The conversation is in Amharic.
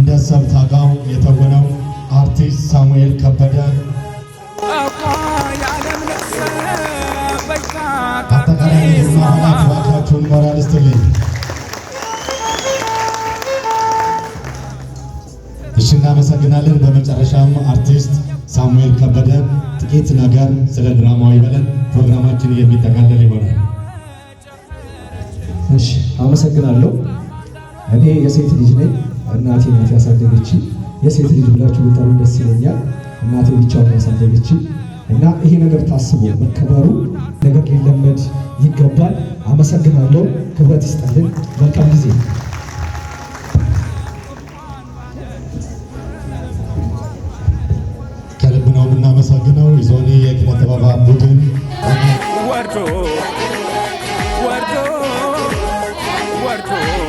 እንደ ሰብታጋው የተሆነው አርቲስት ሳሙኤል ከበደ አጠቃላይ ማላት ባካችሁን ሞራል ስትልኝ እሺ፣ እናመሰግናለን። በመጨረሻም አርቲስት ሳሙኤል ከበደ ጥቂት ነገር ስለ ድራማው ይበለን። ፕሮግራማችን የሚጠቃለል ይሆናል። እሺ፣ አመሰግናለሁ። እኔ የሴት ልጅ ነኝ። እናቴ ናት ያሳደገች። የሴት ልጅ ብላችሁ ብጠሩ ደስ ይለኛል። እናቴ ብቻውን ያሳደገች እና ይሄ ነገር ታስቦ መከበሩ ነገር ሊለመድ ይገባል። አመሰግናለሁ። ክብረት ይስጠልን። መልካም ጊዜ ከልብነው የምናመሰግነው የዞኔ የኪነ ጥበባት ቡድን ወርዶ ወርዶ ወርዶ